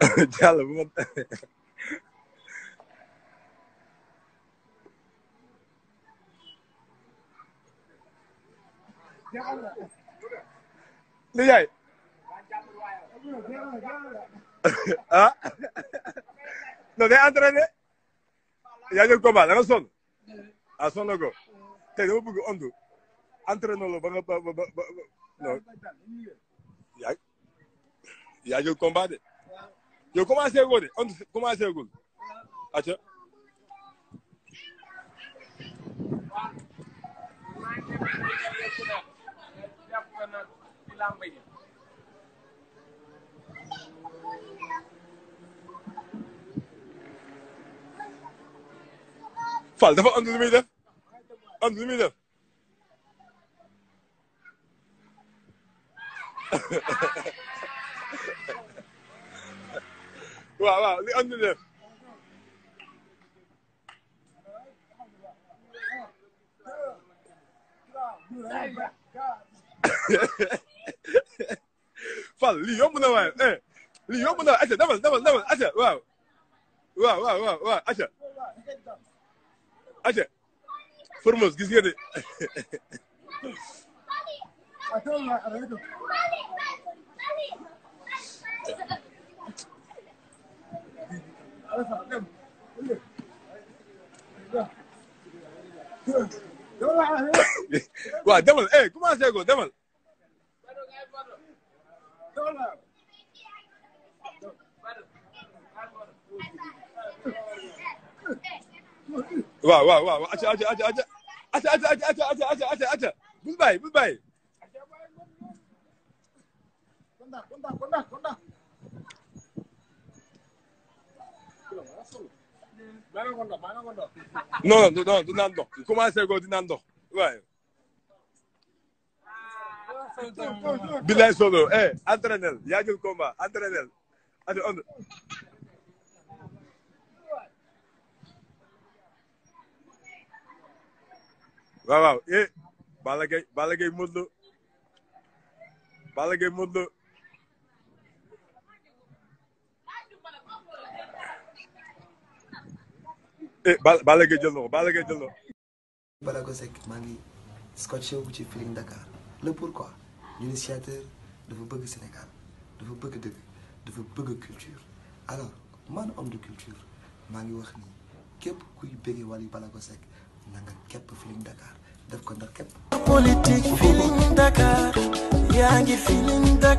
Diallo bu ma. li yaay ah non day entraîné yaa jël combat da nga sonn ah sonn ko tey dama bëgg ondu entraîné lo ba nga ba ba ba non yaa yaa jël combat de. yow commencé goo de on commencé gul acca Fal dafa am lu muy def am lu muy def waaw waaw li andi leen Fal lii yomb na waaye eh yomb na acca demal demal gis nga waa demal eh commencé ko demal. waa waaw waaw acca acca acca acca acca acca acca non non non dinaa ndox commencé ko dinaa ndox waaye. bilaay solo eh entraînel yaa jël combat entraînel adi on waaw waaw eh Balla Gaye Balla Gaye Modou Lo Balla Gaye Modou Lo Eh, Balla Balla Gaye jël na ko Balla Gaye ko. Balla maa ngi scotché wu ci Feeling Dakar le pourquoi l'initiateur dafa bëgg Sénégal dafa bëgg dëgg dafa bëgg culture alors man homme de culture maa ngi wax nii képp kuy bëggee Wally Ballago Seck na nga Dakar def ko ndax képp. Dakar yaa ngi Feeling Dakar.